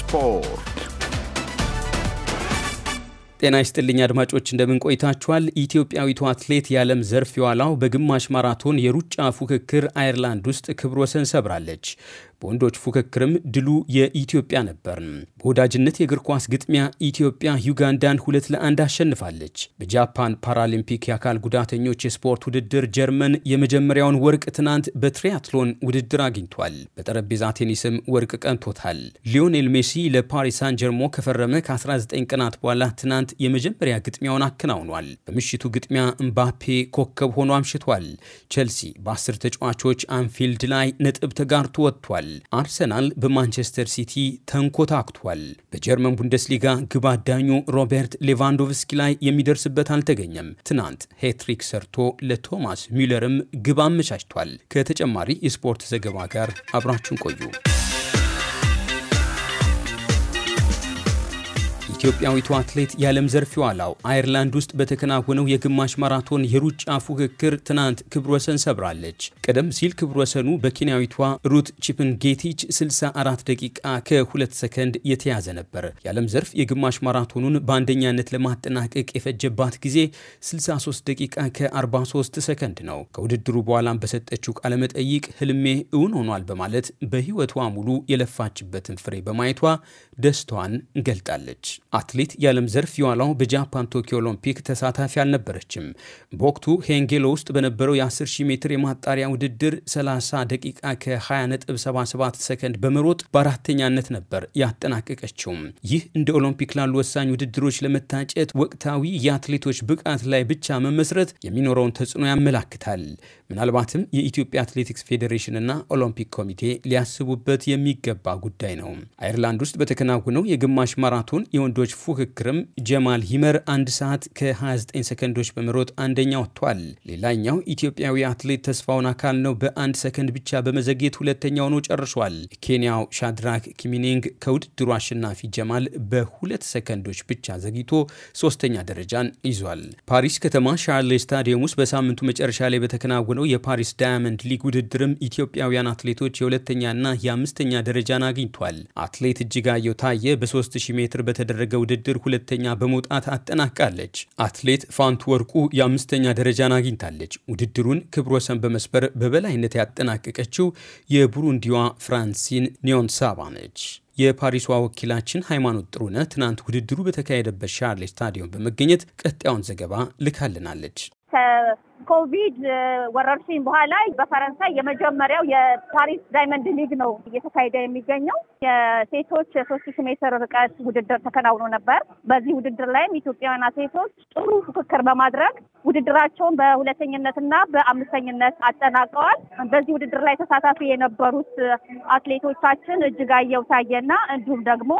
ስፖርት ጤና ይስጥልኝ አድማጮች፣ እንደምን ቆይታችኋል? ኢትዮጵያዊቱ አትሌት የዓለም ዘርፍ የዋላው በግማሽ ማራቶን የሩጫ ፉክክር አየርላንድ ውስጥ ክብረ ወሰን ሰብራለች። በወንዶች ፉክክርም ድሉ የኢትዮጵያ ነበር። በወዳጅነት የእግር ኳስ ግጥሚያ ኢትዮጵያ ዩጋንዳን ሁለት ለአንድ አሸንፋለች። በጃፓን ፓራሊምፒክ የአካል ጉዳተኞች የስፖርት ውድድር ጀርመን የመጀመሪያውን ወርቅ ትናንት በትሪያትሎን ውድድር አግኝቷል። በጠረጴዛ ቴኒስም ወርቅ ቀንቶታል። ሊዮኔል ሜሲ ለፓሪስ ሳን ጀርሞ ከፈረመ ከ19 ቀናት በኋላ ትናንት የመጀመሪያ ግጥሚያውን አከናውኗል። በምሽቱ ግጥሚያ እምባፔ ኮከብ ሆኖ አምሽቷል። ቼልሲ በአስር ተጫዋቾች አንፊልድ ላይ ነጥብ ተጋርቶ ወጥቷል። አርሰናል በማንቸስተር ሲቲ ተንኮታክቷል። በጀርመን ቡንደስሊጋ ግብ አዳኙ ሮቤርት ሌቫንዶቭስኪ ላይ የሚደርስበት አልተገኘም። ትናንት ሄትሪክ ሰርቶ ለቶማስ ሚለርም ግብ አመቻችቷል። ከተጨማሪ የስፖርት ዘገባ ጋር አብራችሁን ቆዩ። ኢትዮጵያዊቱ አትሌት የዓለም ዘርፍ ዋላው አየርላንድ ውስጥ በተከናወነው የግማሽ ማራቶን የሩጫ ፉክክር ትናንት ክብረ ወሰን ሰብራለች። ቀደም ሲል ክብረ ወሰኑ በኬንያዊቷ ሩት ቺፕንጌቲች 64 ደቂቃ ከ2 ሰከንድ የተያዘ ነበር። የዓለም ዘርፍ የግማሽ ማራቶኑን በአንደኛነት ለማጠናቀቅ የፈጀባት ጊዜ 63 ደቂቃ ከ43 ሰከንድ ነው። ከውድድሩ በኋላም በሰጠችው ቃለመጠይቅ ህልሜ እውን ሆኗል በማለት በህይወቷ ሙሉ የለፋችበትን ፍሬ በማየቷ ደስታዋን ገልጣለች። አትሌት የዓለም ዘርፍ የዋላው በጃፓን ቶኪዮ ኦሎምፒክ ተሳታፊ አልነበረችም። በወቅቱ ሄንጌሎ ውስጥ በነበረው የ10,000 ሜትር የማጣሪያ ውድድር 30 ደቂቃ ከ20.77 ሰከንድ በመሮጥ በአራተኛነት ነበር ያጠናቀቀችው። ይህ እንደ ኦሎምፒክ ላሉ ወሳኝ ውድድሮች ለመታጨት ወቅታዊ የአትሌቶች ብቃት ላይ ብቻ መመስረት የሚኖረውን ተጽዕኖ ያመላክታል። ምናልባትም የኢትዮጵያ አትሌቲክስ ፌዴሬሽንና ኦሎምፒክ ኮሚቴ ሊያስቡበት የሚገባ ጉዳይ ነው። አይርላንድ ውስጥ በተከናወነው የግማሽ ማራቶን የወንዶ ወንዶች ፉክክርም ጀማል ሂመር አንድ ሰዓት ከ29 ሰከንዶች በመሮጥ አንደኛ ወጥቷል። ሌላኛው ኢትዮጵያዊ አትሌት ተስፋውን አካል ነው በአንድ ሰከንድ ብቻ በመዘግየት ሁለተኛ ሆኖ ጨርሷል። ኬንያው ሻድራክ ኪሚኒንግ ከውድድሩ አሸናፊ ጀማል በሁለት ሰከንዶች ብቻ ዘግይቶ ሶስተኛ ደረጃን ይዟል። ፓሪስ ከተማ ሻርሌ ስታዲየም ውስጥ በሳምንቱ መጨረሻ ላይ በተከናወነው የፓሪስ ዳያመንድ ሊግ ውድድርም ኢትዮጵያውያን አትሌቶች የሁለተኛና የአምስተኛ ደረጃን አግኝቷል። አትሌት እጅጋየው ታየ በ3000 ሜትር በተደረገ በተደረገ ውድድር ሁለተኛ በመውጣት አጠናቃለች። አትሌት ፋንቱ ወርቁ የአምስተኛ ደረጃን አግኝታለች። ውድድሩን ክብረ ወሰን በመስበር በበላይነት ያጠናቀቀችው የቡሩንዲዋ ፍራንሲን ኒዮንሳባ ነች። የፓሪሷ ወኪላችን ሃይማኖት ጥሩነህ ትናንት ውድድሩ በተካሄደበት ሻርሌ ስታዲዮን በመገኘት ቀጣዩን ዘገባ ልካልናለች። ኮቪድ ወረርሽኝ በኋላ በፈረንሳይ የመጀመሪያው የፓሪስ ዳይመንድ ሊግ ነው እየተካሄደ የሚገኘው። የሴቶች የሶስት ሺህ ሜትር ርቀት ውድድር ተከናውኖ ነበር። በዚህ ውድድር ላይም ኢትዮጵያውያን አትሌቶች ጥሩ ፉክክር በማድረግ ውድድራቸውን በሁለተኝነትና በአምስተኝነት አጠናቀዋል። በዚህ ውድድር ላይ ተሳታፊ የነበሩት አትሌቶቻችን እጅጋየው ታየና እንዲሁም ደግሞ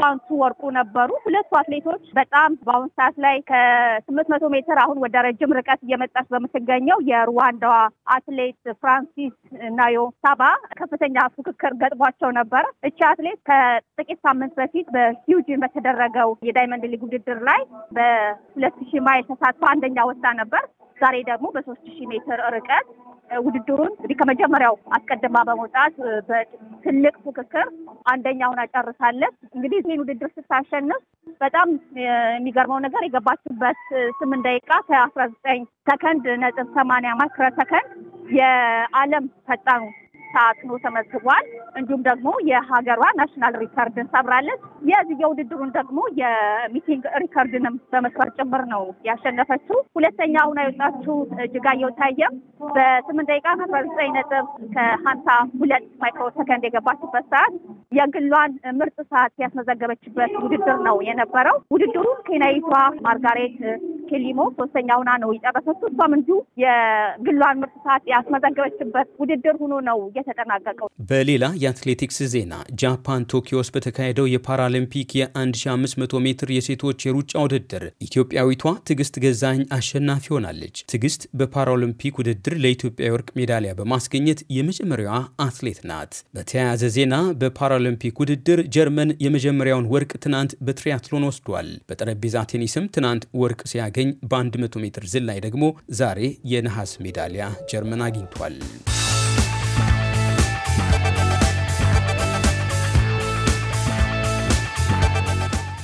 ፋንቱ ወርቁ ነበሩ። ሁለቱ አትሌቶች በጣም በአሁኑ ሰዓት ላይ ከስምንት መቶ ሜትር አሁን ወደ ረጅም ርቀት እየመጣች በም የምትገኘው የሩዋንዳዋ አትሌት ፍራንሲስ ሳባ ከፍተኛ ፉክክር ገጥሟቸው ነበር። እቺ አትሌት ከጥቂት ሳምንት በፊት በሂውጂን በተደረገው የዳይመንድ ሊግ ውድድር ላይ በሁለት ሺህ ማይል ተሳትፎ አንደኛ ወጣ ነበር። ዛሬ ደግሞ በሶስት ሺህ ሜትር ርቀት ውድድሩን እንግዲህ ከመጀመሪያው አስቀድማ በመውጣት በትልቅ ፉክክር አንደኛ ሆና ጨርሳለች። እንግዲህ ይህን ውድድር ስታሸንፍ በጣም የሚገርመው ነገር የገባችበት ስምንት ደቂቃ ከአስራ ዘጠኝ ሰከንድ ነጥብ ሰማንያ ማይክሮ ሰከንድ የዓለም ፈጣኑ ታትሞ ተመዝግቧል። እንዲሁም ደግሞ የሀገሯ ናሽናል ሪከርድን ሰብራለች። የዚህ የውድድሩን ደግሞ የሚቲንግ ሪከርድንም በመስበር ጭምር ነው ያሸነፈችው። ሁለተኛ አሁን የወጣችው እጅጋየሁ ታየም በስምንት ደቂቃ አስራ ዘጠኝ ነጥብ ከሀምሳ ሁለት ማይክሮ ሰከንድ የገባችበት ሰዓት የግሏን ምርጥ ሰዓት ያስመዘገበችበት ውድድር ነው የነበረው። ውድድሩ ኬንያዊቷ ማርጋሬት ኬሊሞ ሶስተኛ ሆና ነው የጨረሰችው። እሷም እንዲሁ የግሏን ምርጥ ሰዓት ያስመዘገበችበት ውድድር ሆኖ ነው የተጠናቀቀው። በሌላ የአትሌቲክስ ዜና ጃፓን ቶኪዮ ውስጥ በተካሄደው የፓራሊምፒክ የ1500 ሜትር የሴቶች የሩጫ ውድድር ኢትዮጵያዊቷ ትዕግስት ገዛኝ አሸናፊ ሆናለች። ትዕግስት በፓራሊምፒክ ውድድር ለኢትዮጵያ የወርቅ ሜዳሊያ በማስገኘት የመጀመሪያዋ አትሌት ናት። በተያያዘ ዜና በፓራሊምፒክ ውድድር ጀርመን የመጀመሪያውን ወርቅ ትናንት በትሪያትሎን ወስዷል። በጠረጴዛ ቴኒስም ትናንት ወርቅ ሲያገ ስታገኝ በ100 ሜትር ዝላይ ደግሞ ዛሬ የነሐስ ሜዳሊያ ጀርመን አግኝቷል።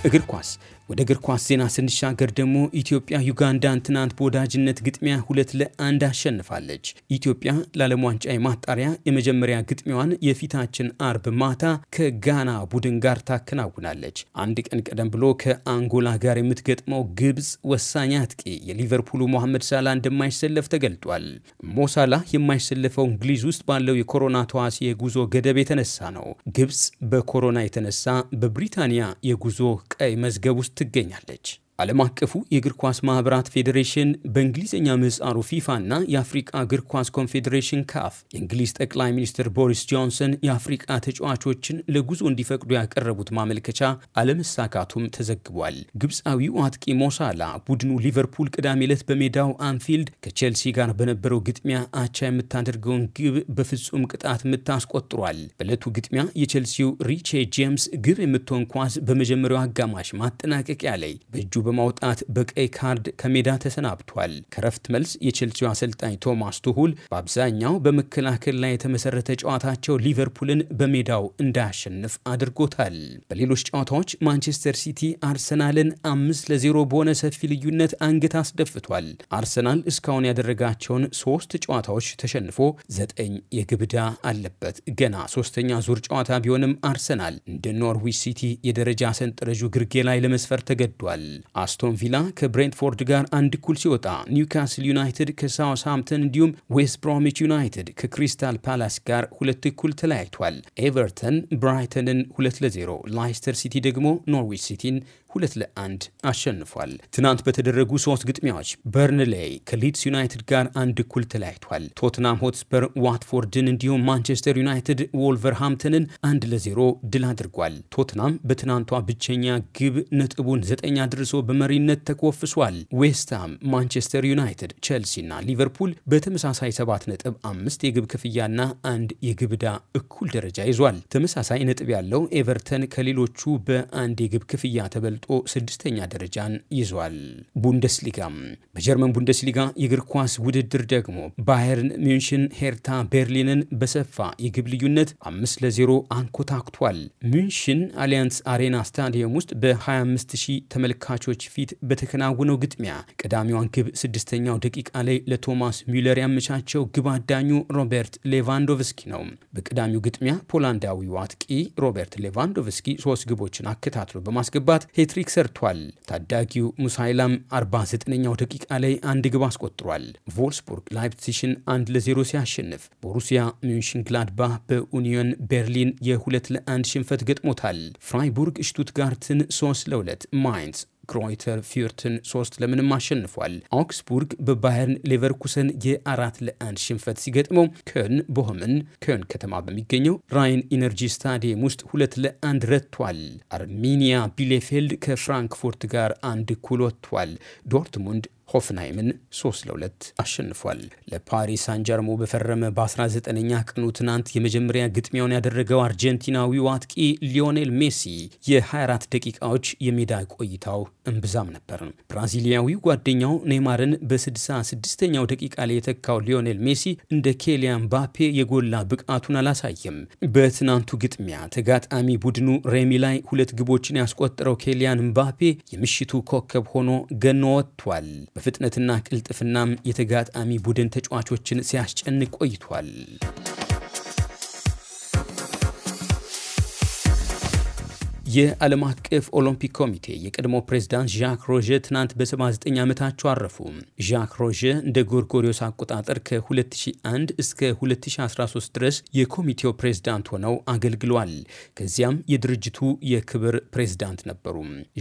እግር ኳስ ወደ እግር ኳስ ዜና ስንሻገር ደግሞ ኢትዮጵያ ዩጋንዳን ትናንት በወዳጅነት ግጥሚያ ሁለት ለአንድ አሸንፋለች። ኢትዮጵያ ለዓለም ዋንጫ የማጣሪያ የመጀመሪያ ግጥሚያዋን የፊታችን አርብ ማታ ከጋና ቡድን ጋር ታከናውናለች። አንድ ቀን ቀደም ብሎ ከአንጎላ ጋር የምትገጥመው ግብፅ ወሳኝ አጥቂ የሊቨርፑሉ ሞሐመድ ሳላ እንደማይሰለፍ ተገልጧል። ሞሳላ የማይሰለፈው እንግሊዝ ውስጥ ባለው የኮሮና ተዋሲ የጉዞ ገደብ የተነሳ ነው። ግብፅ በኮሮና የተነሳ በብሪታንያ የጉዞ ቀይ መዝገብ ውስጥ ትገኛለች። ዓለም አቀፉ የእግር ኳስ ማኅበራት ፌዴሬሽን በእንግሊዝኛ ምህጻሩ ና የአፍሪቃ እግር ኳስ ኮንፌዴሬሽን ካፍ የእንግሊዝ ጠቅላይ ሚኒስትር ቦሪስ ጆንሰን የአፍሪቃ ተጫዋቾችን ለጉዞ እንዲፈቅዱ ያቀረቡት ማመልከቻ አለመሳካቱም ተዘግቧል። ግብፃዊው አጥቂ ሞሳላ ቡድኑ ሊቨርፑል ቅዳሜ ዕለት በሜዳው አንፊልድ ከቼልሲ ጋር በነበረው ግጥሚያ አቻ የምታደርገውን ግብ በፍጹም ቅጣት ምት አስቆጥሯል። በዕለቱ ግጥሚያ የቼልሲው ሪቼ ጄምስ ግብ የምትሆን ኳስ በመጀመሪያው አጋማሽ ማጠናቀቂያ ላይ በእጁ በማውጣት በቀይ ካርድ ከሜዳ ተሰናብቷል። ከረፍት መልስ የቼልሲው አሰልጣኝ ቶማስ ቱሁል በአብዛኛው በመከላከል ላይ የተመሰረተ ጨዋታቸው ሊቨርፑልን በሜዳው እንዳያሸንፍ አድርጎታል። በሌሎች ጨዋታዎች ማንቸስተር ሲቲ አርሰናልን አምስት ለዜሮ በሆነ ሰፊ ልዩነት አንገት አስደፍቷል። አርሰናል እስካሁን ያደረጋቸውን ሶስት ጨዋታዎች ተሸንፎ ዘጠኝ የግብዳ አለበት። ገና ሶስተኛ ዙር ጨዋታ ቢሆንም አርሰናል እንደ ኖርዊች ሲቲ የደረጃ ሰንጠረዡ ግርጌ ላይ ለመስፈር ተገዷል። አስቶን ቪላ ከብሬንትፎርድ ጋር አንድ እኩል ሲወጣ ኒውካስል ዩናይትድ ከሳውስ ሃምፕተን እንዲሁም ዌስት ብሮሚች ዩናይትድ ከክሪስታል ፓላስ ጋር ሁለት እኩል ተለያይቷል። ኤቨርተን ብራይተንን ለ0፣ ላይስተር ሲቲ ደግሞ ኖርዊች ሲቲን ሁለት ለአንድ አሸንፏል። ትናንት በተደረጉ ሶስት ግጥሚያዎች በርንሌይ ከሊድስ ዩናይትድ ጋር አንድ እኩል ተለያይቷል። ቶትናም ሆትስፐር ዋትፎርድን፣ እንዲሁም ማንቸስተር ዩናይትድ ወልቨርሃምተንን አንድ ለዜሮ ድል አድርጓል። ቶትናም በትናንቷ ብቸኛ ግብ ነጥቡን ዘጠኝ አድርሶ በመሪነት ተኮፍሷል። ዌስትሃም፣ ማንቸስተር ዩናይትድ፣ ቼልሲና ሊቨርፑል በተመሳሳይ ሰባት ነጥብ አምስት የግብ ክፍያና አንድ የግብ ዕዳ እኩል ደረጃ ይዟል። ተመሳሳይ ነጥብ ያለው ኤቨርተን ከሌሎቹ በአንድ የግብ ክፍያ ተበልጦ ተበልጦ ስድስተኛ ደረጃን ይዟል። ቡንደስሊጋ በጀርመን ቡንደስሊጋ የእግር ኳስ ውድድር ደግሞ ባየርን ሚንሽን ሄርታ ቤርሊንን በሰፋ የግብ ልዩነት አምስት ለዜሮ አንኮታክቷል። ሚንሽን አሊያንስ አሬና ስታዲየም ውስጥ በ25 ሺህ ተመልካቾች ፊት በተከናወነው ግጥሚያ ቀዳሚዋን ግብ ስድስተኛው ደቂቃ ላይ ለቶማስ ሚለር ያመቻቸው ግብ አዳኙ ሮቤርት ሌቫንዶቭስኪ ነው። በቀዳሚው ግጥሚያ ፖላንዳዊው አጥቂ ሮቤርት ሌቫንዶቭስኪ ሶስት ግቦችን አከታትሎ በማስገባት ሄት ሃትሪክ ሰርቷል። ታዳጊው ሙሳይላም 49ኛው ደቂቃ ላይ አንድ ግብ አስቆጥሯል። ቮልስቡርግ ላይፕሲሽን አንድ ለዜሮ ሲያሸንፍ ቦሩሲያ ሚንሽን ግላድባህ በኡኒዮን ቤርሊን የሁለት ለአንድ ሽንፈት ገጥሞታል። ፍራይቡርግ ሽቱትጋርትን 3 2 ማይንስ ግሮይተር ፊዮርትን ሶስት ለምንም አሸንፏል። አውግስቡርግ በባየርን ሌቨርኩሰን የአራት ለአንድ ሽንፈት ሲገጥመው ከን ቦሆምን ከን ከተማ በሚገኘው ራይን ኢነርጂ ስታዲየም ውስጥ ሁለት ለአንድ ረቷል። አርሚኒያ ቢሌፌልድ ከፍራንክፉርት ጋር አንድ እኩል ወጥቷል። ዶርትሙንድ ሆፍንሃይምን 3 ለ2 አሸንፏል። ለፓሪስ አንጃርሞ በፈረመ በ19ኛ ቀኑ ትናንት የመጀመሪያ ግጥሚያውን ያደረገው አርጀንቲናዊው አጥቂ ሊዮኔል ሜሲ የ24 ደቂቃዎች የሜዳ ቆይታው እምብዛም ነበር። ብራዚሊያዊው ጓደኛው ኔይማርን በ66ኛው ደቂቃ ላይ የተካው ሊዮኔል ሜሲ እንደ ኬሊያን ባፔ የጎላ ብቃቱን አላሳየም። በትናንቱ ግጥሚያ ተጋጣሚ ቡድኑ ሬሚ ላይ ሁለት ግቦችን ያስቆጠረው ኬሊያን ምባፔ የምሽቱ ኮከብ ሆኖ ገኖ ወጥቷል። በፍጥነትና ቅልጥፍናም የተጋጣሚ ቡድን ተጫዋቾችን ሲያስጨንቅ ቆይቷል። የዓለም አቀፍ ኦሎምፒክ ኮሚቴ የቀድሞ ፕሬዝዳንት ዣክ ሮዤ ትናንት በ79 ዓመታቸው አረፉ። ዣክ ሮዤ እንደ ጎርጎሪዮስ አቆጣጠር ከ2001 እስከ 2013 ድረስ የኮሚቴው ፕሬዝዳንት ሆነው አገልግሏል። ከዚያም የድርጅቱ የክብር ፕሬዝዳንት ነበሩ።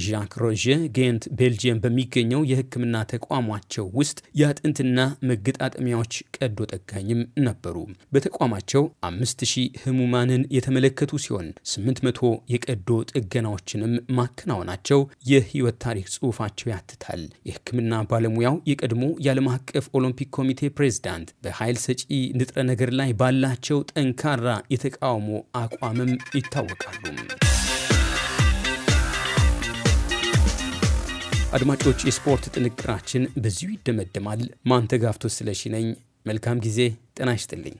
ዣክ ሮዤ ጌንት ቤልጅየም በሚገኘው የሕክምና ተቋማቸው ውስጥ የአጥንትና መገጣጠሚያዎች ቀዶ ጠጋኝም ነበሩ። በተቋማቸው 5000 ህሙማንን የተመለከቱ ሲሆን 800 የቀዶ ጥገናዎችንም ማከናወናቸው የህይወት ታሪክ ጽሁፋቸው ያትታል። የህክምና ባለሙያው የቀድሞ የዓለም አቀፍ ኦሎምፒክ ኮሚቴ ፕሬዝዳንት በኃይል ሰጪ ንጥረ ነገር ላይ ባላቸው ጠንካራ የተቃውሞ አቋምም ይታወቃሉ። አድማጮች፣ የስፖርት ጥንቅራችን በዚሁ ይደመደማል። ማንተጋፍቶ ስለሺ ነኝ። መልካም ጊዜ። ጤና ይስጥልኝ።